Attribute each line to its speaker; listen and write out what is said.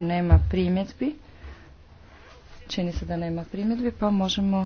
Speaker 1: nema primjedbi. Čini se da nema primjedbi, pa možemo